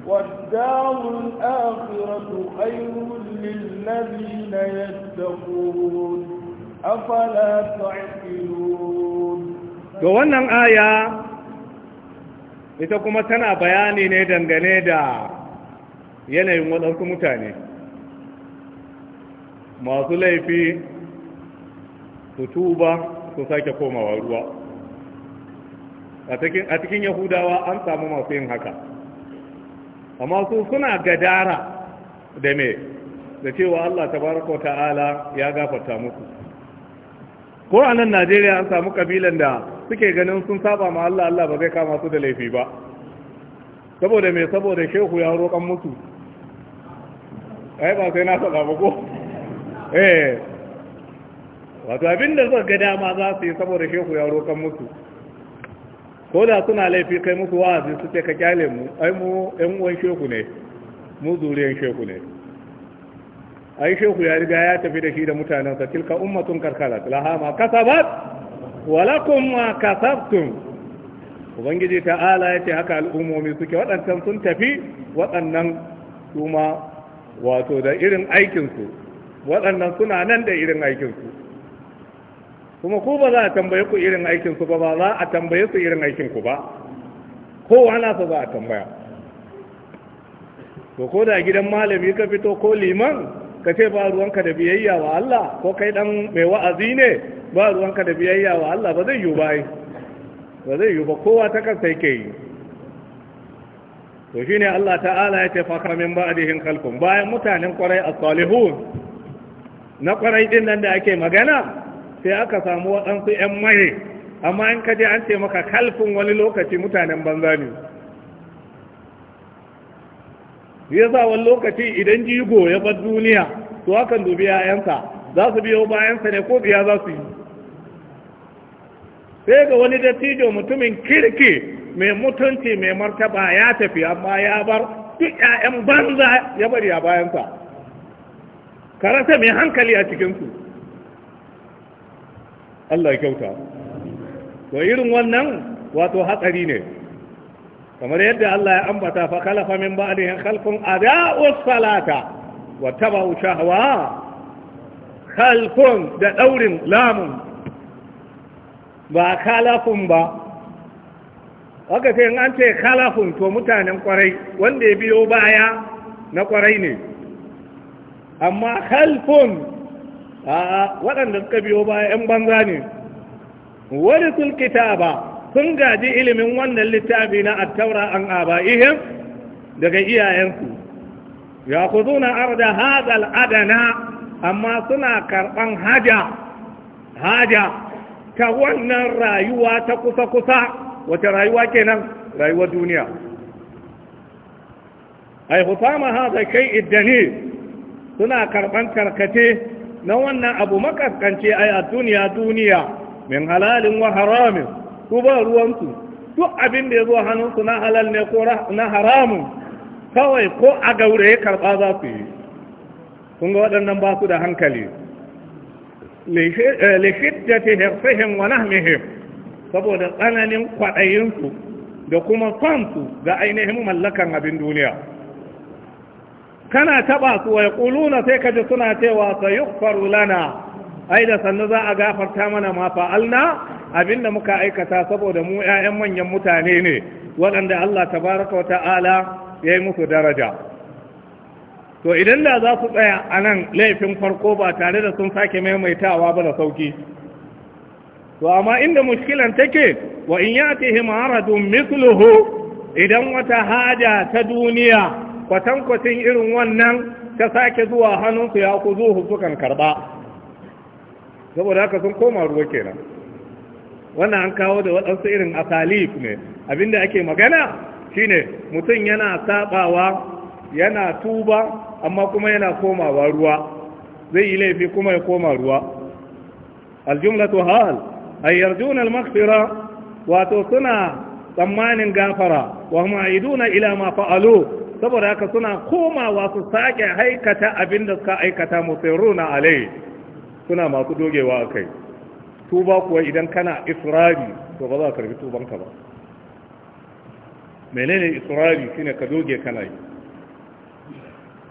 والدار الآخرة خير للذين يتقون أفلا تعقلون wannan aya ita kuma tana bayani ne dangane da yanayin waɗansu mutane masu laifi su tuba su sake komawa ruwa a cikin yahudawa an samu masu yin haka amma su suna gadara da me da cewa Allah tabaraka ta'ala ya gafarta musu ko a nan Najeriya an samu kabilan da suke ganin sun saba ma Allah Allah ba zai kama su da laifi ba saboda me saboda shehu ya roƙan musu ai ba sai na faɗa ba ko eh wato abinda suka ga dama za su yi saboda shehu ya roƙan musu ko da suna laifi kai musu wa'azi su ce ka kyale mu ai mu ɗan uwan sheku ne mu zuriyan sheku ne ai sheku ya riga ya tafi da shi da mutanensa tilka ummatun karkara laha ma kasabat wa lakum ma kasabtum ubangiji ta'ala yace haka al'ummomi suke waɗancan sun tafi waɗannan kuma wato da irin aikinsu waɗannan suna nan da irin aikinsu kuma ku ba za a tambaye ku irin aikin ku ba ba za a tambaye su irin aikin ku ba kowa sa za a tambaya to ko da gidan malami ka fito ko liman ka ce ba ruwanka da biyayya wa Allah ko kai dan mai wa'azi ne ba ruwanka da biyayya wa Allah ba zai yi ba ba zai yi ba kowa ta kansa yake yi to shine Allah ta'ala ya ce fakar min ba'dihin khalqun bayan mutanen kwarai as-salihun na kwarai din nan da ake magana sai aka samu waɗansu 'yan maye amma in kaje an ce maka kalfin wani lokaci mutanen banza ne ya sa wani lokaci idan jigo ya bar duniya to hakan dubi 'ya'yansa za su biyo bayansa ne ko biya za su yi sai ga wani dattijo mutumin kirki mai mutunci mai martaba ya tafi amma ya bar duk 'ya'yan banza ya bari a bayansa karanta mai hankali a cikinsu Allah ya kyauta to irin wannan wato hatsari ne kamar yadda Allah ya ambata fa khalafa min ba'dihim khalqun ada'u salata wa tabu shahwa khalqun da daurin lamun ba khalafun ba haka sai an ce khalafun to mutanen kwarai wanda ya biyo baya na kwarai ne amma khalfun a'a waɗanda suka biyo baya 'yan banza ne Wani warisul ba sun gaji ilimin wannan littafi na attaura an ihin daga iyayensu ya ku zuna arda hazal adana amma suna karɓan haja haja ta wannan rayuwa ta kusa-kusa wata rayuwa kenan rayuwar duniya ai husama haza kai iddani suna karɓan karkace na wannan abu makaskance ai a duniya duniya min halalin wa haramin su ba ruwansu duk abin da ya zo hannunsu na halal ne ko na haramun kawai ko a gaure ya karɓa za su yi kun ga waɗannan ba su da hankali lishiddati eh, hirsihim wa nahmihim saboda tsananin kwaɗayinsu da kuma fansu da ainihin mallakan abin duniya kana taba su wa yaquluna sai kaji suna cewa sayughfaru lana ai da sannu za a gafarta mana ma fa'alna abinda muka aikata saboda mu ƴaƴan manyan mutane ne waɗanda Allah tabaraka wa ta'ala yayi musu daraja to idan da za su tsaya a nan laifin farko ba tare da sun sake maimaitawa ba da sauki to amma inda mushkilan take wa in yatihim aradun mithluhu idan wata haja ta duniya kwatankwacin irin wannan ta sake zuwa hannunsu ya ku zuhu sukan karba saboda haka sun koma ruwa kenan wannan an kawo da waɗansu irin asalif ne abinda ake magana shine mutum yana sabawa yana tuba amma kuma yana komawa ruwa zai yi laifi kuma ya koma ruwa aljumlatu hal ay yarjuna al wato suna tsammanin gafara wa ma'iduna ila ma fa'alu saboda haka suna komawa su sake haikata abin da suka aikata musiruna alai suna masu dogewa a kai tuba kuwa idan kana israri to ba za ka karbi tubanka ba menene israri shi ka doge kana yi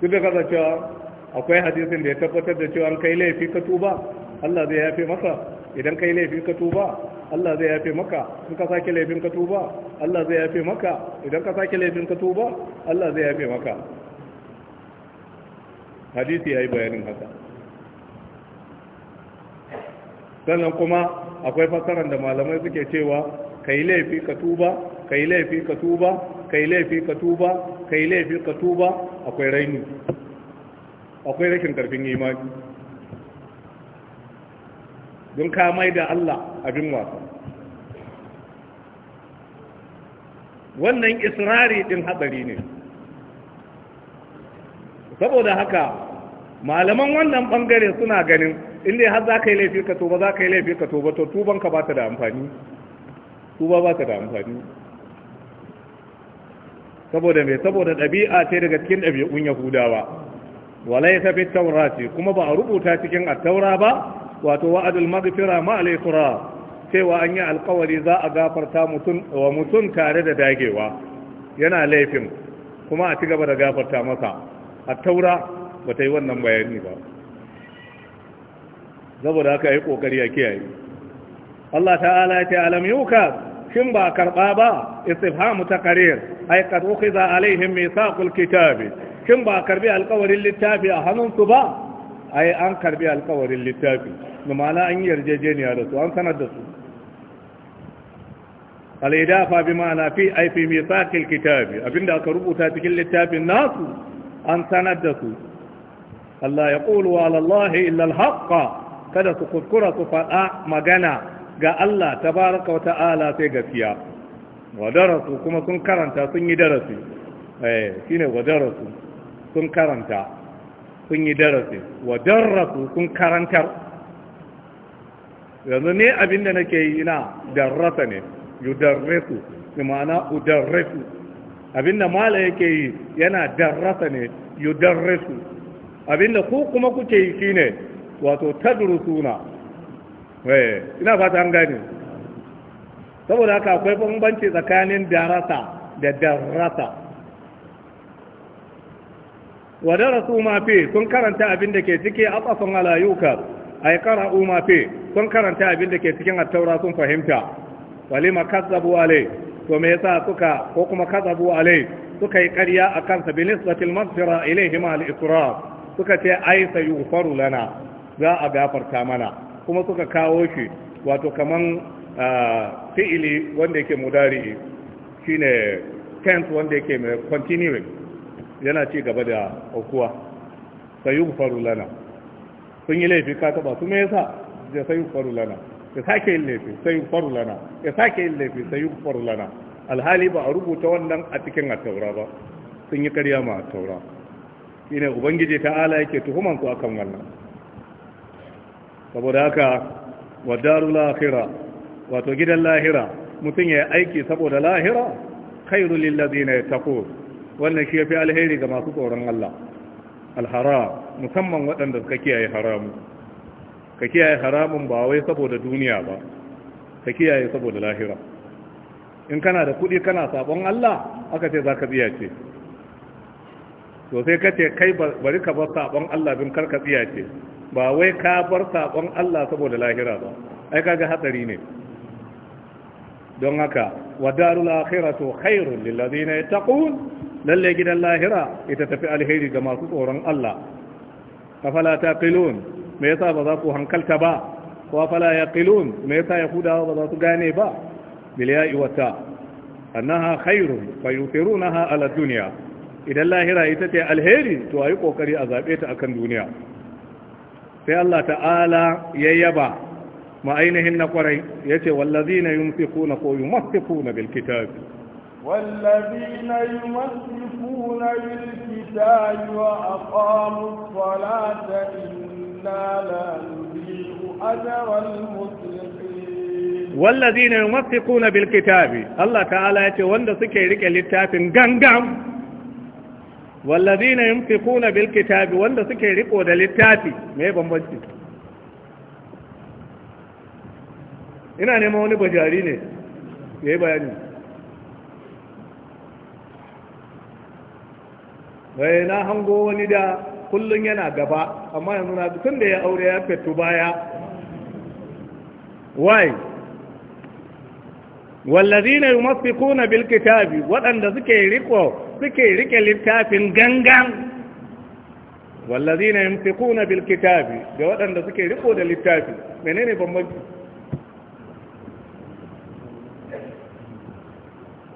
duk da kasa cewa akwai hadisin da ya tabbatar da cewa an kai laifi ka tuba Allah zai yafe masa idan kai laifi ka tuba Allah zai yafe maka in ka sake laifin ka tuba Allah zai yafe maka idan ka sake laifin ka tuba Allah zai yafe maka hadisi yayi bayanin haka sannan kuma akwai fassarar da malamai suke cewa kai laifi ka tuba kai laifi ka tuba kai laifi ka tuba kai laifi ka tuba akwai raini akwai rashin karfin imani don ka mai da Allah abin wasa wannan israri din hatsari ne saboda haka malaman wannan bangare suna ganin inda har za ka yi laifi ka toba za ka yi laifi ka toba to tuban ka ba ta da amfani tuba ba ta da amfani saboda mai saboda ɗabi'a ce daga cikin ɗabi'un yahudawa walai ta fi taurati kuma ba a rubuta cikin attaura ba wato wa'adul maghfira ma cewa an yi alkawari za a gafarta wa mutum tare da dagewa yana laifin kuma a ci gaba da gafarta masa a taura ba ta yi wannan bayani ba saboda aka yi ƙoƙari a kiyaye Allah ta'ala ya ce alam yuka shin ba karba ba istifhamu taqrir ay qad ukhiza alaihim mithaqul kitabi shin ba karbi alƙawarin littafi a hannunsu ba ai an karbi alkawarin littafi da ma'ana an yi yarjejeniya da su an sanar da su fa bi ma'ana fi aifi mai sakil kitabi abinda aka rubuta cikin littafin nasu an sanar da su Allah ya ƙulu wa lallahi illal haƙƙa kada su kuskura su faɗa magana ga Allah ta baraka wata ala sai gaskiya wa darasu kuma sun karanta sun yi darasi eh shine wa darasu sun karanta kun yi darasi wa darasu kun karantar yanzu ne abinda nake yi ina darasa ne yudarrisu su ma'ana udarrisu abinda mala yake yi yana darasa ne yudarrisu abinda ku kuma kuke yi shine wato tadrusuna eh ina fata an gani. saboda haka akwai banbanci tsakanin darasa da darasa. wa darasu ma fi sun karanta abin da ke ciki afafan alayuka ay qara'u ma fi sun karanta abin da ke cikin at sun fahimta walima kazzabu alai to me yasa suka ko kuma kazzabu alai suka yi ƙarya akan sa bi nisbatil maghfira ilayhim al-israr suka ce ay sayughfaru lana za a gafarta mana kuma suka kawo shi wato kamar fi'ili wanda yake mudari shine tense wanda yake continuing yana ci gaba da aukuwa sai yi faru lana sun yi laifi ka taba su me yasa ya sai yi faru lana ya sake yin laifi sai yi faru lana ya sake yin laifi sai yi faru lana alhali ba a rubuta wannan a cikin attaura ba sun yi karya ma attaura shine ubangiji Ala yake tuhuman su akan wannan saboda haka wa darul wato gidan lahira mutum ya aiki saboda lahira khairu lil ladina yattaqun wannan shi ya fi alheri ga masu tsoron Allah alharam musamman waɗanda suka kiyaye haramu ka kiyaye haramun ba wai saboda duniya ba ka kiyaye saboda lahira in kana da kuɗi kana saɓon Allah aka ce za ka tsiyace to sai ka ce kai bari ka bar saɓon Allah bin kar ka tsiyace ba wai ka bar saɓon Allah saboda lahira ba ai kaga hatsari ne don haka wadarul akhiratu khairun lil ladina yattaqun lalle gidan lahira ita tafi alheri ga masu tsoron Allah afala taqilun me yasa ba za ku hankalta ba wa fala yaqilun me yasa yahudawa ba za su gane ba bil ya'i wa annaha khairun fayuthirunaha ala dunya idan lahira ita ce alheri to ayi kokari a zabe ta akan duniya sai Allah ta'ala yayyaba ma ainihin na kwarai yace wallazina yunfiquna ko yumassikuna bil kitabi والذين يمسكون بالكتاب وأقاموا الصلاة إنا لا أجر المصلحين والذين يمسكون بالكتاب الله تعالى يتي وند سكي ريكه للتافين غنغام والذين يمسكون بالكتاب وند سكي ريكو da littafi. me bambanci ina neman wani bajari ne yayi bayani bai eh, na hango wani da kullum yana gaba amma yanzu na tun da ya aure ya fetu baya why wallazina yumassikuna bil kitabi wadanda suke riko suke rike littafin gangan wallazina yumsikuna bil kitabi da wadanda suke riko da littafi menene bambanci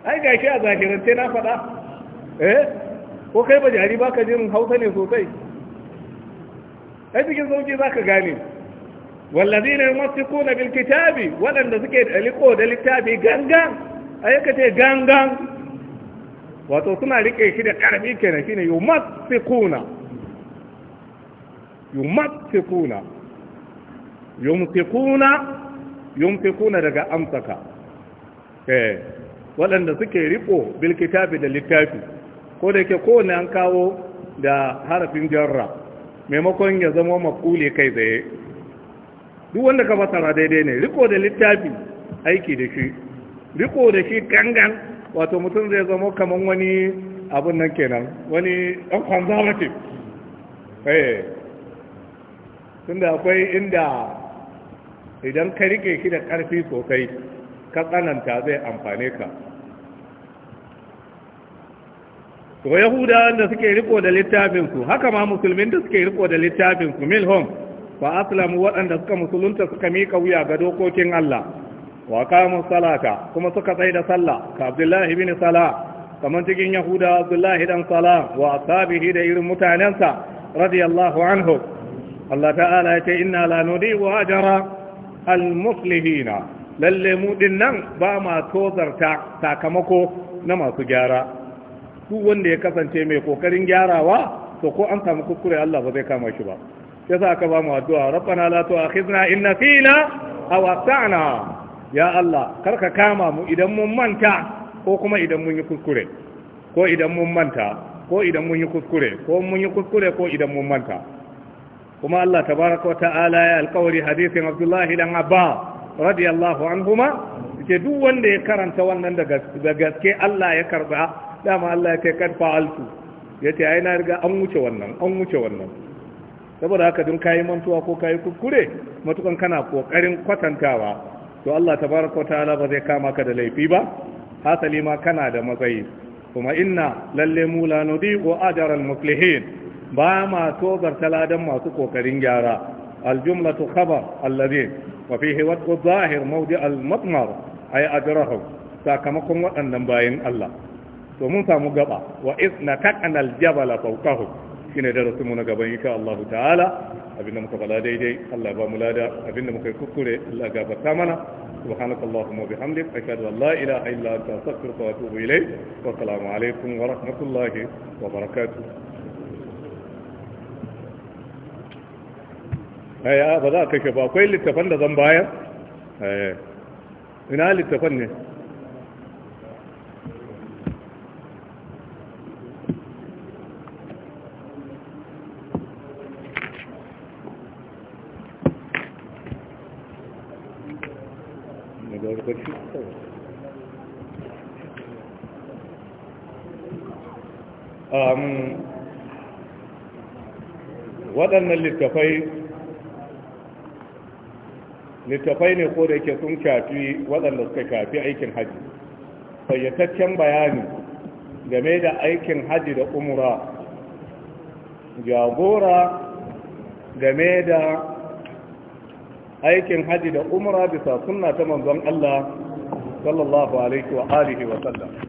ai gashi a zahirance na faɗa eh ko kai ba jari ba ka jin hausa ne sosai ai cikin sauki za ka gane wallazi ne masu kuna bil kitabi waɗanda suke liko da littafi gangan a yaka ce gangan wato suna rike shi da ƙarfi kenan shine yu masu kuna masu yumtikuna yumtikuna daga amsaka eh waɗanda suke riko bilkitabi da littafi ko da yake kowanne an kawo da harafin jarra maimakon ya zama makule kai tsaye duk wanda ka fasara daidai ne riko da littafi aiki da shi riko da shi gangan wato mutum zai zama kamar wani abin nan kenan wani ɗan conservative eh tunda akwai inda idan ka rike shi da ƙarfi sosai ka tsananta zai amfane ka to yahudawan da suke riko da littafinsu haka ma musulmin da suke riko da littafinsu milhom fa aslamu waɗanda suka musulunta suka miƙa wuya ga dokokin Allah wa qamu salata kuma suka tsaya da sallah ka Abdullahi ibn Salah kamar cikin Yahuda Abdullahi dan sala wa ashabihi da irin mutanensa radiyallahu anhu Allah ta'ala ya ce inna la nudi'u ajra al-muslihina lalle mu dinnan ba ma tozarta sakamako na masu gyara duk wanda ya kasance mai kokarin gyarawa to ko an samu kuskure Allah ba zai kama shi ba yasa aka ba mu addu'a rabbana la tu'akhizna in nasina aw akhtana ya Allah karka kama mu idan mun manta ko kuma idan mun yi kuskure ko idan mun manta ko idan mun yi kuskure ko mun yi kuskure ko idan mun manta kuma Allah tabaraka ta'ala ya alƙawari hadisin Abdullahi dan Abba radiyallahu anhuma ke duk wanda ya karanta wannan da gaske Allah ya karba dama Allah ya kai kad fa'altu yace ai na riga an wuce wannan an wuce wannan saboda haka dun kayi mantuwa ko kayi kuskure matukan kana kokarin kwatantawa to Allah tabaraka ta'ala ba zai kama ka da laifi ba hasali ma kana da matsayi kuma inna lalle mu la nudiqu ajra al-muflihin ba ma tobar taladan masu kokarin gyara al-jumlatu khabar alladhi wa fihi wad'u zahir mawdi' al ay ajrahum sakamakon waɗannan bayan Allah to mun samu gaba wa isna taqanal jabala fawqahu shine darasinmu na gaban insha Allah ta'ala abinda muka fada daidai Allah ba mu lada abinda muka kukkure, Allah gafarta mana سبحانك اللهم وبحمدك أشهد أن لا إله إلا أنت أستغفرك وأتوب إليك wa عليكم Aya, eh, ba za هيا kashe ba. Akwai littafan da zan هيا eh, Ina littafan ne? waɗannan littafai littafai ne ko da ke sun shafi waɗanda suka shafi aikin hajji fayyataccen bayani game da aikin hajji da umura jagora game da aikin hajji da umura bisa suna ta manzon Allah sallallahu alaihi wa alihi wa sallam